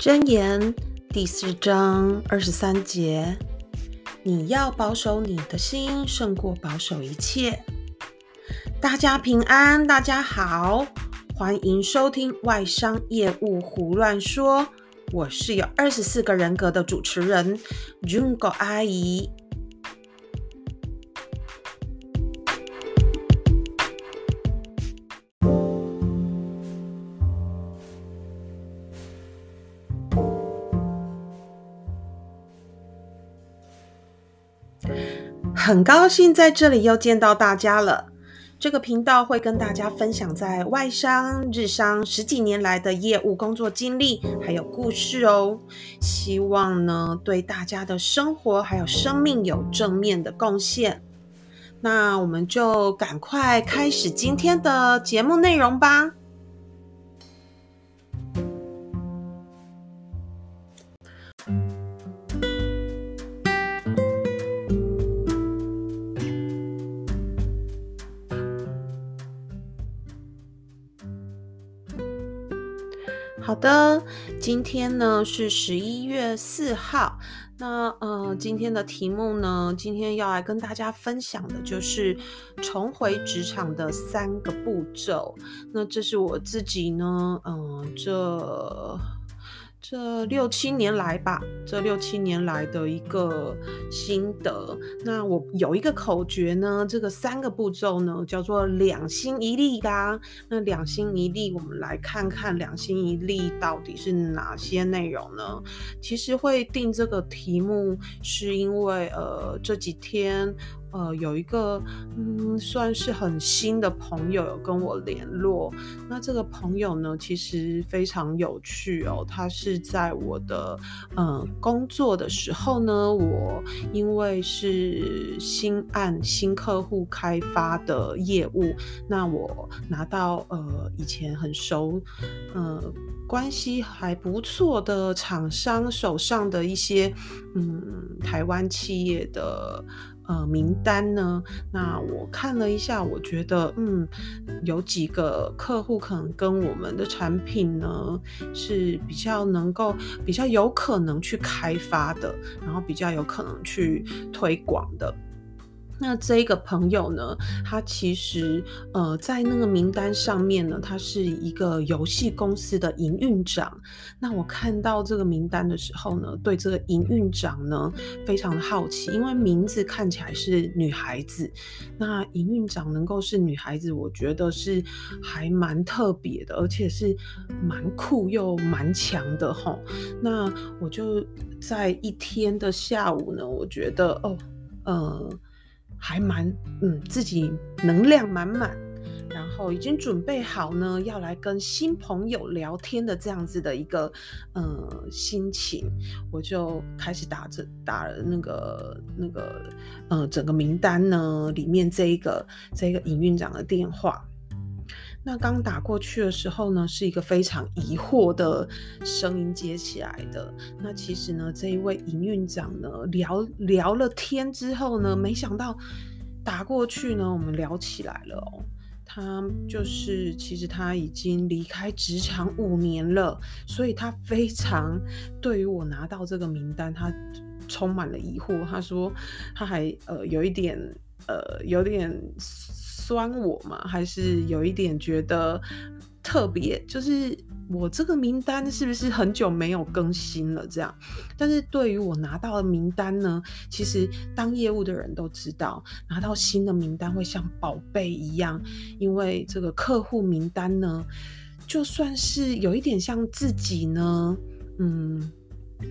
箴言第四章二十三節：你要保守你的心，勝過保守一切。大家平安，大家好，歡迎收聽外商業務胡亂說。我是有二十四個人格的主持人 Junko 阿姨。很高興在這裡又見到大家了。這個頻道會跟大家分享在外商、日商十幾年來的業務工作經歷，還有故事哦。希望呢，對大家的生活還有生命有正面的貢獻。那我們就趕快開始今天的節目內容吧。好的，今天呢是十一月四號，那呃今天的題目呢，今天要來跟大家分享的就是重回職場的三個步驟。那這是我自己呢，嗯、呃，這。這六七年來吧，這六七年來的一個心得，那我有一個口訣呢，這個三個步驟呢叫做兩心一力啦。那兩心一力，我們來看看兩心一力到底是哪些內容呢？其實會定這個題目，是因為呃這幾天。呃，有一個嗯，算是很新的朋友有跟我聯絡。那這個朋友呢，其實非常有趣哦。他是在我的嗯、呃、工作的時候呢，我因為是新案、新客戶開發的業務，那我拿到呃以前很熟、呃關係還不錯的廠商手上的一些嗯台灣企業的。呃，名單呢，那我看了一下，我覺得，嗯，有幾個客戶可能跟我們的產品呢是比較能夠、比較有可能去開發的，然後比較有可能去推廣的。那這一個朋友呢，他其實呃在那個名單上面呢，他是一個遊戲公司的營運長。那我看到這個名單的時候呢，對這個營運長呢非常的好奇，因為名字看起來是女孩子。那營運長能夠是女孩子，我覺得是還蠻特別的，而且是蠻酷又蠻強的吼，那我就在一天的下午呢，我覺得哦，呃。還蠻，嗯，自己能量滿滿，然後，已經準備好呢，要來跟新朋友聊天的這樣子的一個，呃，心情，我就開始打着打了那個那個，呃，整個名單呢裡面這一個這一個尹院長的電話。那剛打過去的時候呢，是一個非常疑惑的聲音接起來的。那其實呢，這一位營運長呢，聊聊了天之後呢，沒想到打過去呢，我們聊起來了哦、喔。他就是，其實他已經離開職場五年了，所以他非常對於我拿到這個名單，他充滿了疑惑。他說，他還呃有一點呃有點。端我嘛，還是有一點覺得特別，就是我這個名單是不是很久沒有更新了？這樣，但是對於我拿到的名單呢，其實當業務的人都知道，拿到新的名單會像寶貝一樣，因為這個客戶名單呢，就算是有一點像自己呢，嗯，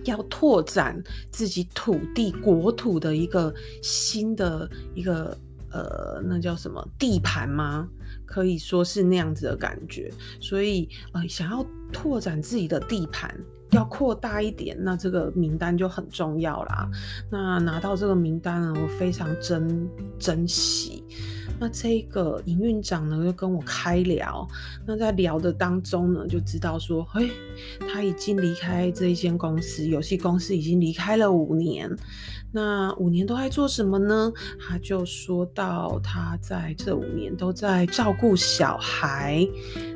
要拓展自己土地國土的一個新的一個。呃，那叫什麼地盤嗎？可以說是那樣子的感覺。所以，呃，想要拓展自己的地盤，要擴大一點，那這個名單就很重要啦。那拿到這個名單呢，我非常珍珍惜。那這個營運長呢，就跟我開聊。那在聊的當中呢，就知道說，嘿、欸，他已經離開這一間公司，遊戲公司已經離開了五年。那五年都在做什麼呢？他就說到，他在這五年都在照顧小孩。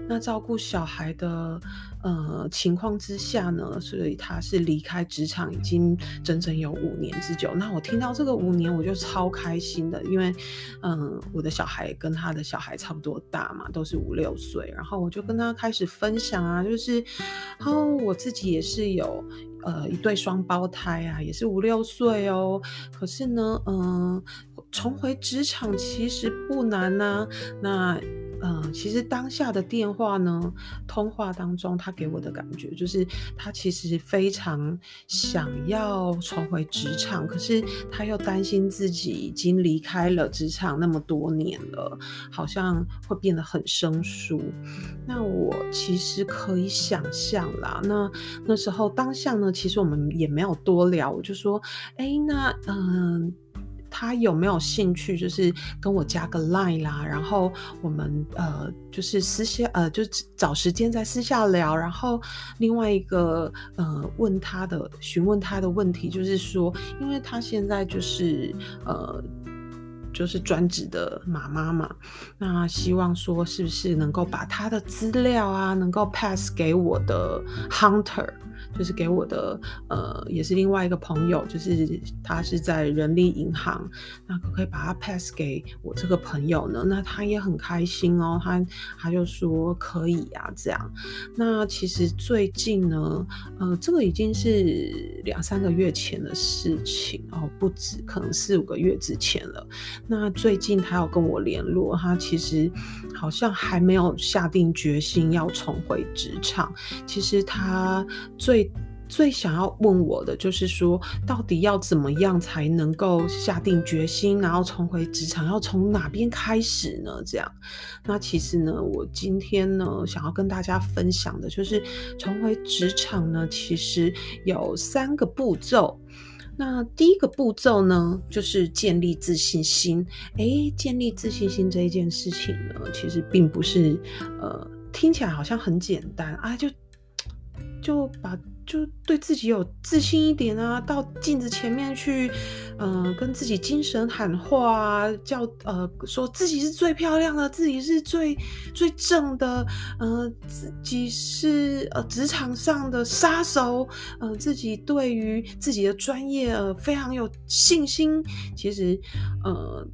那照顧小孩的呃情況之下呢，所以他是離開職場已經整整有五年之久。那我聽到這個五年，我就超開心的，因為嗯，我的小孩跟他的小孩差不多大嘛，都是五六歲，然後我就跟他開始分享啊，就是然後我自己也是有。呃，一對雙胞胎啊，也是五六歲哦。可是呢，嗯、呃，重回職場其實不難吶、啊，那。嗯，其實當下的電話呢，通話當中，他給我的感覺就是，他其實非常想要重回職場，可是他又擔心自己已經離開了職場那麼多年了，好像會變得很生疏。那我其實可以想象啦，那那時候當下呢，其實我們也沒有多聊，我就說，欸，那嗯。他有沒有興趣？就是跟我加個 line 啦，然後我們呃，就是私下呃，就找時間在私下聊。然後另外一個呃，問他的詢問他的問題就是說，因為他現在就是呃，就是專職的媽媽嘛，那希望說是不是能夠把他的資料啊，能夠 pass 給我的 hunter。就是給我的，呃，也是另外一個朋友，就是他是在人力銀行，那可不可以把他 pass 給我這個朋友呢？那他也很開心哦，他他就說可以啊，這樣。那其實最近呢，呃，這個已經是兩三個月前的事情哦，不止，可能四五個月之前了。那最近他有跟我聯絡，他其實好像還沒有下定決心要重回職場。其實他最近最想要問我的就是說，到底要怎麼樣才能夠下定決心，然後重回職場？要從哪邊開始呢？這樣，那其實呢，我今天呢想要跟大家分享的就是，重回職場呢其實有三個步驟。那第一個步驟呢，就是建立自信心。誒、欸，建立自信心這一件事情呢，其實並不是呃聽起來好像很簡單啊，就就把。就對自己有自信一點啊，到鏡子前面去，嗯、呃，跟自己精神喊話啊，叫呃，說自己是最漂亮的，自己是最最正的，呃，自己是呃職場上的殺手，呃，自己對於自己的專業，呃，非常有信心。其實，呃，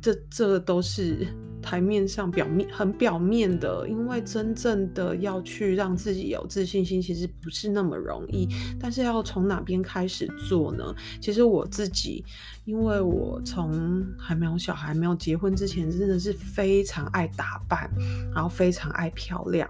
這這都是。檯面上表面很表面的，因為真正的要去讓自己有自信心，其實不是那麼容易。但是要從哪邊開始做呢？其實我自己，因為我從還沒有小孩、沒有結婚之前，真的是非常愛打扮，然後非常愛漂亮。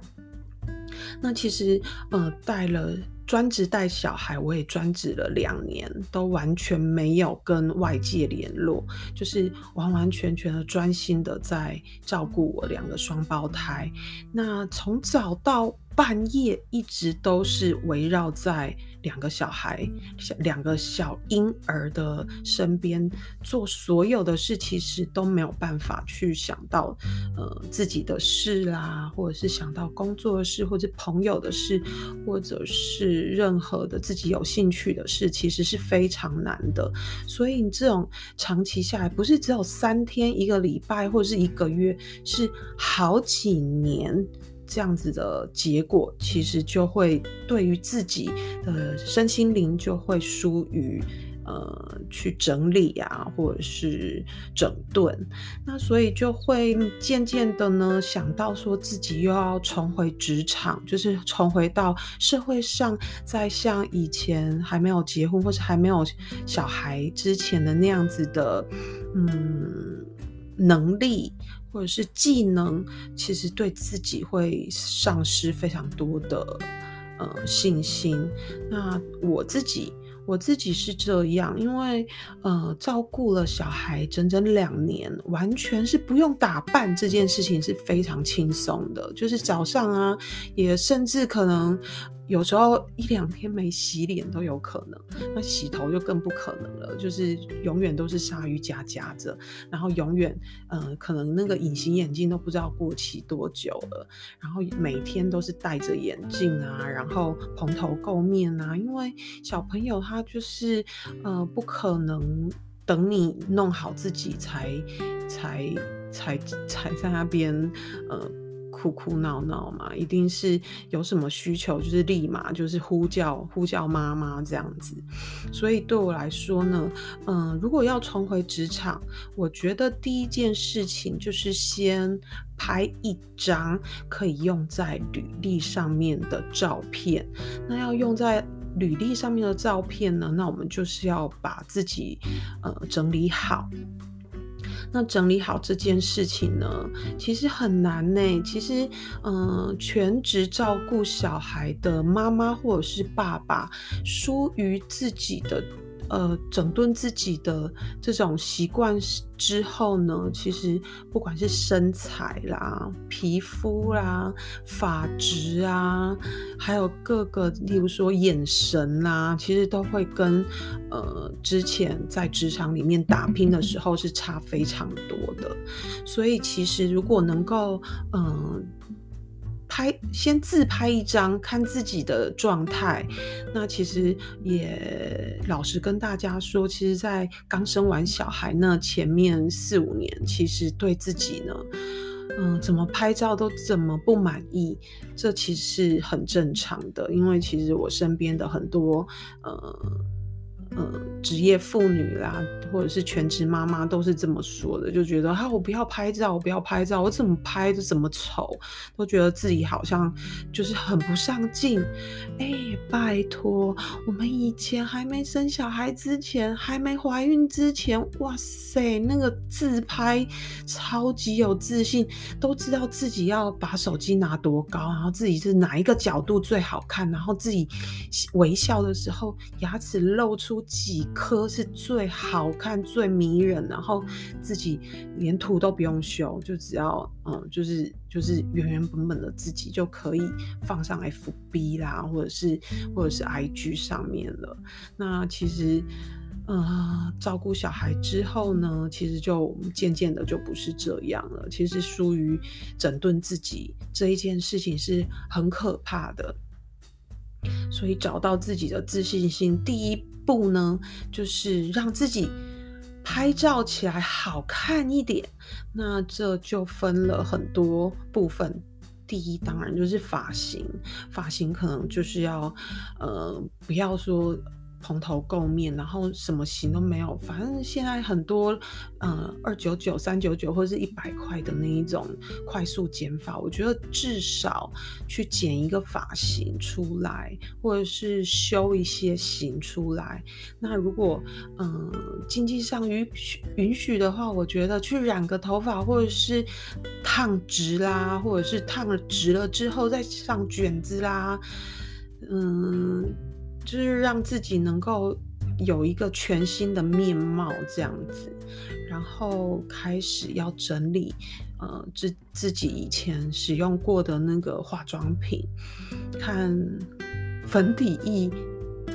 那其實，呃，帶了。專職帶小孩，我也專職了兩年，都完全沒有跟外界聯絡，就是完完全全的專心的在照顧我兩個雙胞胎。那從早到半夜一直都是圍繞在兩個小孩，小兩個小嬰兒的身邊做所有的事，其實都沒有辦法去想到呃自己的事啦，或者是想到工作的事，或者朋友的事，或者是任何的自己有興趣的事，其實是非常難的。所以你這種長期下來，不是只有三天，一個禮拜，或者是一個月，是好幾年。這樣子的結果，其實就會對於自己的身心靈就會疏於呃去整理啊，或者是整頓。那所以就會漸漸的呢，想到說自己又要重回職場，就是重回到社會上，再像以前還沒有結婚或者還沒有小孩之前的那樣子的嗯能力。或者是技能，其實對自己會喪失非常多的呃信心。那我自己，我自己是這樣，因為呃照顧了小孩整整兩年，完全是不用打扮，這件事情是非常輕鬆的，就是早上啊，也甚至可能。有時候一兩天沒洗臉都有可能，那洗頭就更不可能了，就是永遠都是鯊魚夾夾着，然後永遠，呃，可能那個隱形眼鏡都不知道過期多久了，然後每天都是戴着眼鏡啊，然後蓬頭垢面啊，因為小朋友他就是，呃，不可能等你弄好自己才才才才，才在那邊，呃。哭哭鬧鬧嘛，一定是有什麼需求，就是立馬就是呼叫呼叫媽媽這樣子。所以對我來說呢，嗯、呃，如果要重回職場，我覺得第一件事情就是先拍一張可以用在履歷上面的照片。那要用在履歷上面的照片呢，那我們就是要把自己呃整理好。那整理好這件事情呢，其實很難呢。其實，嗯、呃，全職照顧小孩的媽媽或者是爸爸，疏於自己的。呃，整頓自己的這種習慣之後呢，其實不管是身材啦、皮膚啦、髮質啊，還有各個，例如說眼神啦，其實都會跟呃之前在職場裡面打拼的時候是差非常多的。所以，其實如果能夠，嗯、呃。拍，先自拍一張，看自己的狀態。那其實也老實跟大家說，其實，在剛生完小孩那前面四五年，其實對自己呢，嗯、呃，怎麼拍照都怎麼不滿意。這其實是很正常的，因為其實我身邊的很多，呃。呃，職業婦女啦，或者是全職媽媽，都是這麼說的，就覺得啊，我不要拍照，我不要拍照，我怎麼拍就怎麼醜，都覺得自己好像就是很不上鏡。哎、欸，拜托，我們以前還沒生小孩之前，還沒懷孕之前，哇塞，那個自拍超級有自信，都知道自己要把手機拿多高，然後自己是哪一個角度最好看，然後自己微笑的時候牙齒露出幾顆是最好看、最迷人，然後自己連圖都不用修，就只要嗯，就是就是原原本本的自己就可以放上 FB 啦，或者是或者是 IG 上面了。那其實，嗯、呃，照顧小孩之後呢，其實就漸漸的就不是這樣了。其實疏於整頓自己這一件事情是很可怕的，所以找到自己的自信心，第一。不呢，就是讓自己拍照起來好看一點。那這就分了很多部分。第一，當然就是髮型，髮型可能就是要，呃，不要說。蓬頭垢面，然後什麼型都沒有。反正現在很多，呃、嗯，二九九、三九九或者是一百塊的那一種快速剪法，我覺得至少去剪一個髮型出來，或者是修一些型出來。那如果嗯經濟上允允許的話，我覺得去染個頭髮，或者是燙直啦，或者是燙了直了之後再上卷子啦，嗯。就是讓自己能夠有一個全新的面貌這樣子，然後開始要整理，呃，自自己以前使用過的那個化妝品，看粉底液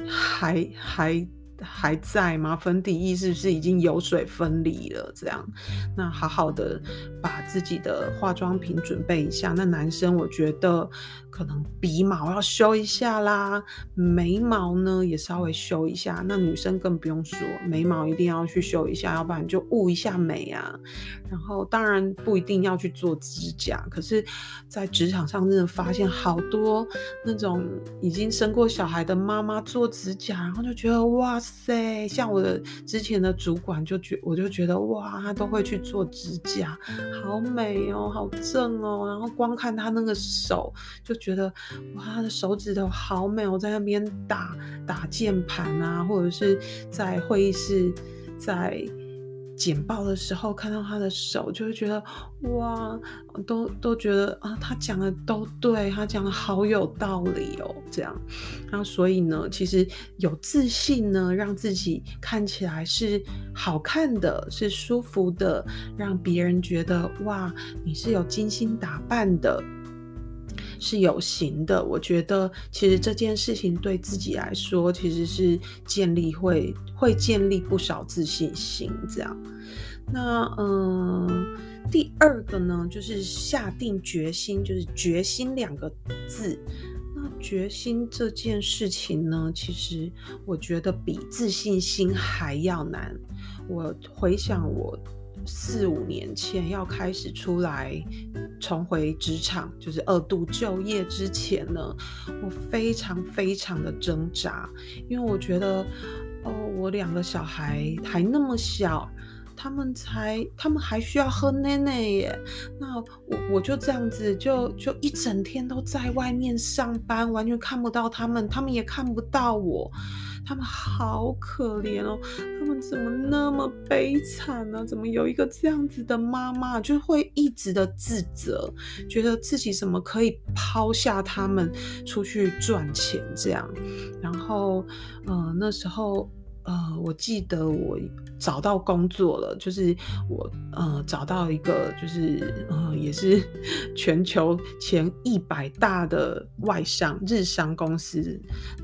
還還。還在嗎？粉底液是不是已經油水分離了？這樣，那好好的把自己的化妝品準備一下。那男生我覺得可能鼻毛要修一下啦，眉毛呢也稍微修一下。那女生更不用說，眉毛一定要去修一下，要不然就霧一下眉啊。然後當然不一定要去做指甲，可是，在職場上真的發現好多那種已經生過小孩的媽媽做指甲，然後就覺得哇。塞，像我的之前的主管就覺，我就覺得哇，他都會去做指甲，好美哦，好正哦。然後光看他那個手，就覺得哇，他的手指頭好美哦。我在那邊打打鍵盤啊，或者是在會議室，在。簡報的時候看到他的手，就會覺得哇，都都覺得啊，他講的都對，他講的好有道理哦，這樣。那所以呢，其實有自信呢，讓自己看起來是好看的，是舒服的，讓別人覺得哇，你是有精心打扮的。是有形的，我覺得其實這件事情對自己來說，其實是建立會會建立不少自信心。這樣，那嗯，第二個呢，就是下定決心，就是決心兩個字。那決心這件事情呢，其實我覺得比自信心還要難。我回想我。四五年前要開始出來重回職場，就是二度就業之前呢，我非常非常的掙扎，因為我覺得，哦，我兩個小孩還那麼小。他們才，他們還需要喝奶奶耶。那我我就這樣子就，就就一整天都在外面上班，完全看不到他們，他們也看不到我。他們好可憐哦，他們怎麼那麼悲慘呢？啊？怎麼有一個這樣子的媽媽，就會一直的自責，覺得自己怎麼可以拋下他們出去賺錢這樣。然後，呃，那時候，呃，我記得我。找到工作了，就是我呃找到一個，就是呃也是全球前一百大的外商日商公司，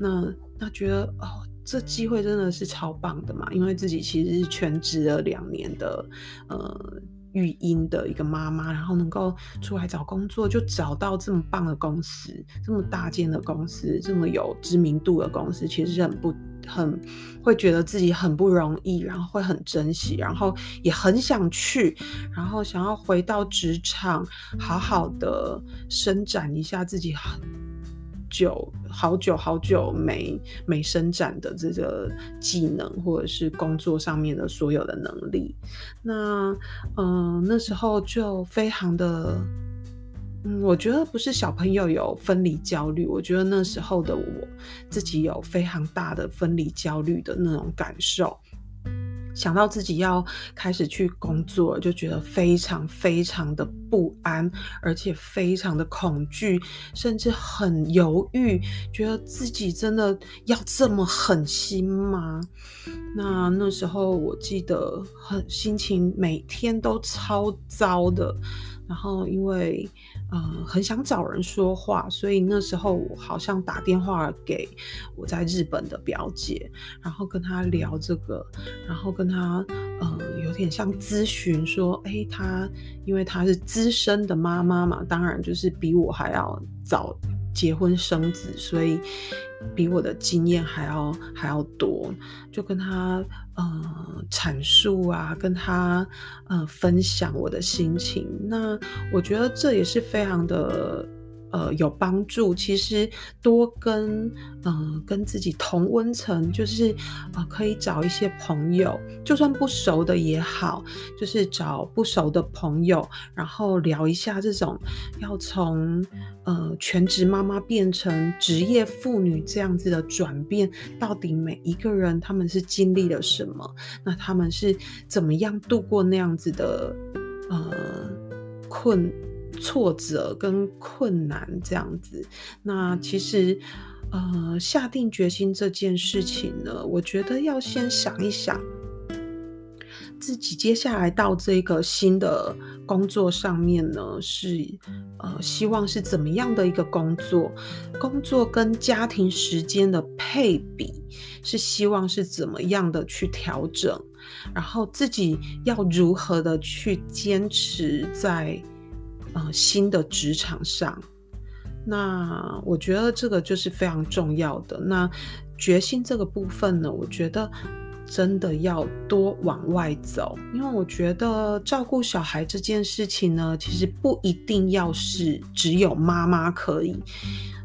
那那覺得哦這機會真的是超棒的嘛，因為自己其實是全職了兩年的，呃。育嬰的一個媽媽，然後能夠出來找工作，就找到這麼棒的公司，這麼大間的公司，這麼有知名度的公司，其實很不很會覺得自己很不容易，然後會很珍惜，然後也很想去，然後想要回到職場，好好的伸展一下自己很久，好久好久沒沒伸展的這個技能，或者是工作上面的所有的能力，那嗯、呃，那時候就非常的，嗯，我覺得不是小朋友有分離焦慮，我覺得那時候的我自己有非常大的分離焦慮的那種感受。想到自己要開始去工作，就覺得非常非常的不安，而且非常的恐懼，甚至很猶豫，覺得自己真的要這麼狠心嗎？那那時候我記得很心情，每天都超糟的，然後因為。呃、嗯，很想找人說話，所以那時候我好像打電話給我在日本的表姐，然後跟她聊這個，然後跟她呃、嗯、有點像諮詢，說，誒、欸，她因為她是資深的媽媽嘛，當然就是比我還要早結婚生子，所以。比我的經驗還要還要多，就跟他呃闡述啊，跟他呃分享我的心情，那我覺得這也是非常的，呃，有幫助。其實多跟嗯、呃，跟自己同溫層，就是呃，可以找一些朋友，就算不熟的也好，就是找不熟的朋友，然後聊一下這種要從呃全職媽媽變成職業婦女這樣子的轉變，到底每一個人他們是經歷了什麼？那他們是怎麼樣度過那樣子的呃困？挫折跟困難這樣子，那其實，呃，下定決心這件事情呢，我覺得要先想一想，自己接下來到這個新的工作上面呢，是呃，希望是怎麼樣的一個工作？工作跟家庭時間的配比是希望是怎麼樣的去調整？然後自己要如何的去堅持在？呃，新的職場上，那我覺得這個就是非常重要的。那決心這個部分呢，我覺得真的要多往外走，因為我覺得照顧小孩這件事情呢，其實不一定要是只有媽媽可以。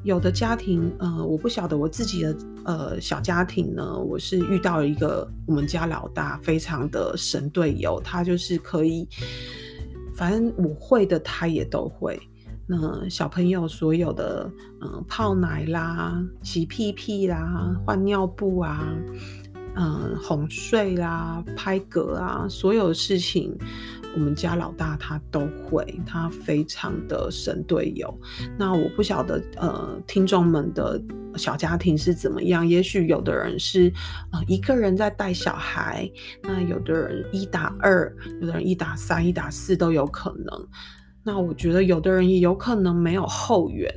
有的家庭，呃，我不曉得我自己的呃小家庭呢，我是遇到一個我們家老大非常的神隊友，他就是可以。反正我會的，他也都會。那小朋友所有的，嗯，泡奶啦，洗屁屁啦，換尿布啊，嗯，哄睡啦，拍嗝啊，所有的事情。我們家老大他都會，他非常的神隊友。那我不曉得，呃，聽眾們的小家庭是怎麼樣？也許有的人是，呃，一個人在帶小孩，那有的人一打二，有的人一打三、一打四都有可能。那我覺得有的人也有可能沒有後援，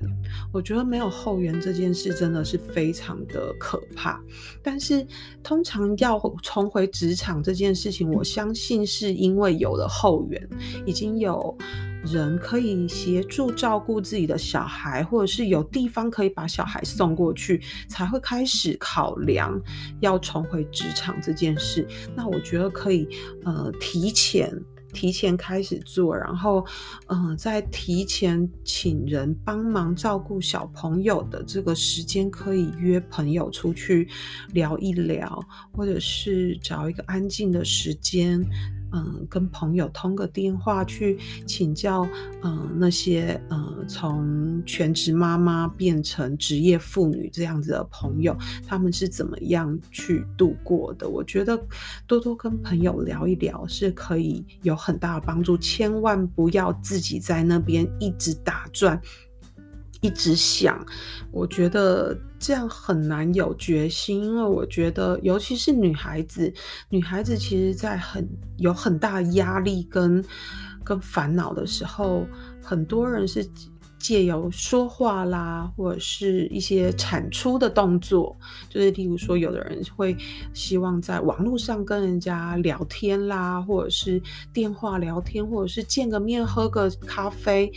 我覺得沒有後援這件事真的是非常的可怕。但是通常要重回職場這件事情，我相信是因為有了後援，已經有人可以協助照顧自己的小孩，或者是有地方可以把小孩送過去，才會開始考量要重回職場這件事。那我覺得可以呃提前。提前開始做，然後，嗯，再提前請人幫忙照顧小朋友的這個時間，可以約朋友出去聊一聊，或者是找一個安靜的時間。嗯，跟朋友通個電話去請教，嗯，那些，嗯，從全職媽媽變成職業婦女這樣子的朋友，他們是怎麼樣去度過的？我覺得多多跟朋友聊一聊是可以有很大的幫助，千萬不要自己在那邊一直打轉。一直想，我覺得這樣很難有決心，因為我覺得，尤其是女孩子，女孩子其實在很有很大壓力跟跟煩惱的時候，很多人是借由說話啦，或者是一些產出的動作，就是例如說，有的人會希望在網絡上跟人家聊天啦，或者是電話聊天，或者是見個面喝個咖啡。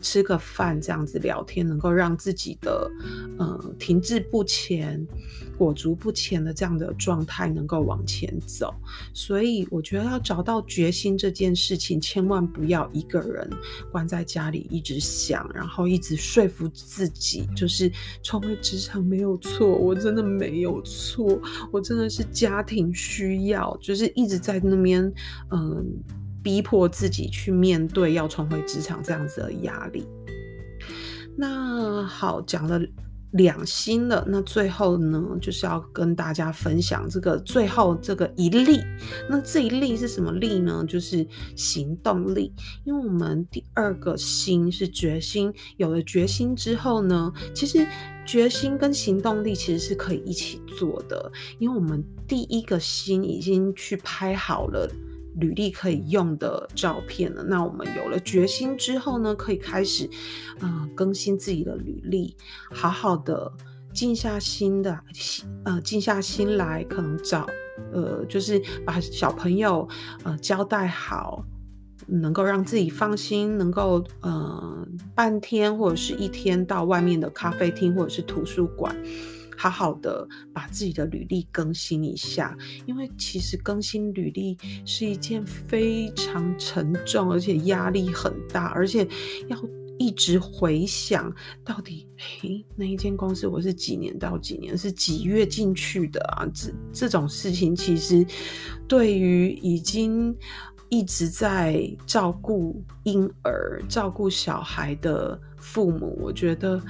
吃個飯這樣子聊天，能夠讓自己的呃停滯不前、裹足不前的這樣的狀態能夠往前走。所以我覺得要找到決心這件事情，千萬不要一個人關在家裡一直想，然後一直說服自己，就是重回職場沒有錯，我真的沒有錯，我真的是家庭需要，就是一直在那邊嗯。呃逼迫自己去面對要重回職場這樣子的壓力。那好，講了兩心了，那最後呢，就是要跟大家分享這個最後這個一力。那這一力是什麼力呢？就是行動力。因為我們第二個心是決心，有了決心之後呢，其實決心跟行動力其實是可以一起做的。因為我們第一個心已經去拍好了。履歷可以用的照片呢？那我們有了決心之後呢，可以開始，嗯、呃，更新自己的履歷，好好的靜下心的，心呃，靜下心來，可能找呃，就是把小朋友呃交代好，能夠讓自己放心，能夠、呃、半天或者是一天到外面的咖啡廳或者是圖書館。好好的把自己的履歷更新一下，因為其實更新履歷是一件非常沉重，而且壓力很大，而且要一直回想到底誒那一間公司我是幾年到幾年，是幾月進去的啊？這這種事情其實對於已經一直在照顧嬰兒、照顧小孩的父母，我覺得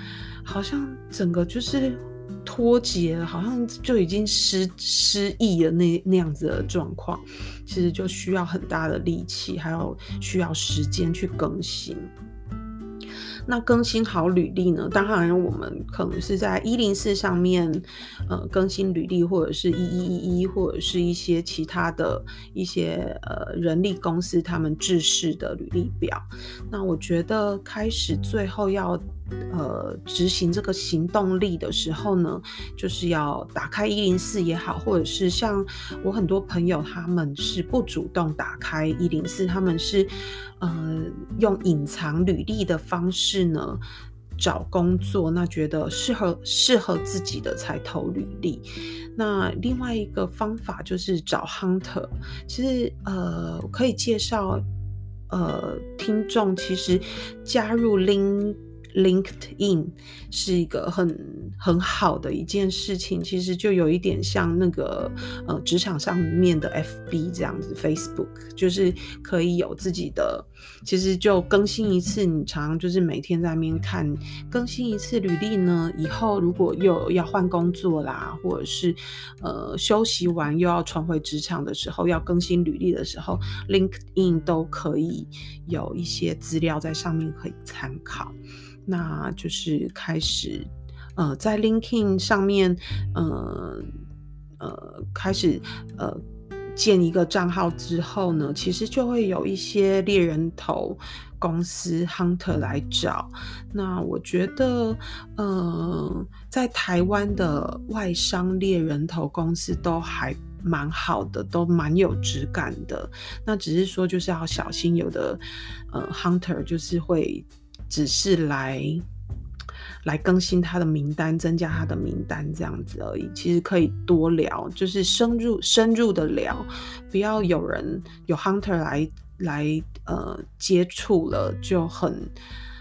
好像整個就是。脫節好像就已經失失憶了，那，那那樣子的狀況，其實就需要很大的力氣，還有需要時間去更新。那更新好履歷呢？當然，我們可能是在一零四上面，呃，更新履歷，或者是一一一一，或者是一些其他的一些呃人力公司他們制式的履歷表。那我覺得開始最後要。呃，執行這個行動力的時候呢，就是要打開一零四也好，或者是像我很多朋友他們是不主動打開一零四，他們是呃用隱藏履歷的方式呢找工作，那覺得適合適合自己的才投履歷。那另外一個方法就是找 hunter，其實、就是、呃我可以介紹呃聽眾其實加入 l i n LinkedIn 是一個很很好的一件事情，其實就有一點像那個呃職場上面的 FB 這樣子，Facebook 就是可以有自己的。其實就更新一次，你常常就是每天在面看更新一次履歷呢。以後如果又要換工作啦，或者是呃休息完又要重回職場的時候，要更新履歷的時候，LinkedIn 都可以有一些資料在上面可以參考。那就是開始呃在 LinkedIn 上面，呃呃開始呃。建一個賬號之後呢，其實就會有一些獵人頭公司 hunter 來找。那我覺得，嗯、呃，在台灣的外商獵人頭公司都還蠻好的，都蠻有質感的。那只是說，就是要小心，有的、呃、hunter 就是會只是來。來更新他的名單，增加他的名單這樣子而已。其實可以多聊，就是深入深入的聊，不要有人有 hunter 來來呃接觸了就很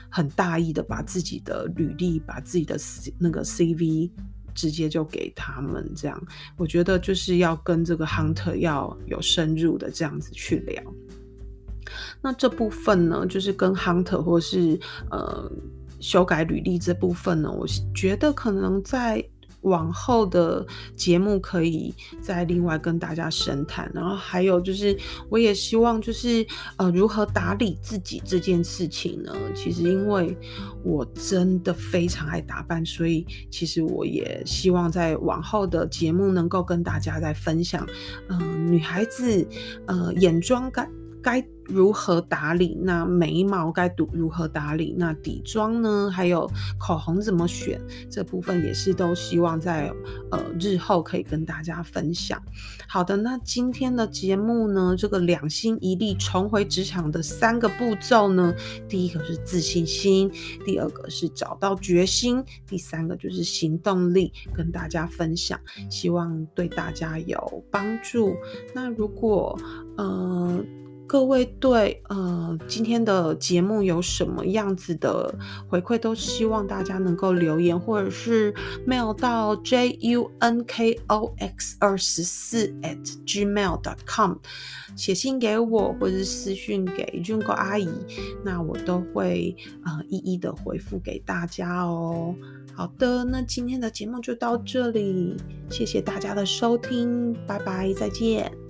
很大意的把自己的履歷，把自己的 C, 那個 CV 直接就給他們這樣。我覺得就是要跟這個 hunter 要有深入的這樣子去聊。那這部分呢，就是跟 hunter 或是呃。修改履歷這部分呢，我覺得可能在往後的節目可以再另外跟大家深談。然後還有就是，我也希望就是呃，如何打理自己這件事情呢，其實因為我真的非常愛打扮，所以其實我也希望在往後的節目能夠跟大家再分享。嗯、呃，女孩子呃，眼妝感。該如何打理？那眉毛該如如何打理？那底妝呢？還有口紅怎麼選？這部分也是都希望在呃日後可以跟大家分享。好的，那今天的節目呢，這個兩心一力重回職場的三個步驟呢，第一個是自信心，第二個是找到決心，第三個就是行動力，跟大家分享，希望對大家有幫助。那如果嗯。呃各位對呃今天的節目有什麼樣子的回饋，都希望大家能夠留言，或者是 mail 到 junkox 二十四 at gmail dot com 寫信給我，或者是私訊給 Junko 阿姨，那我都會呃一一的回復給大家哦。好的，那今天的節目就到這裡，謝謝大家的收聽，拜拜，再見。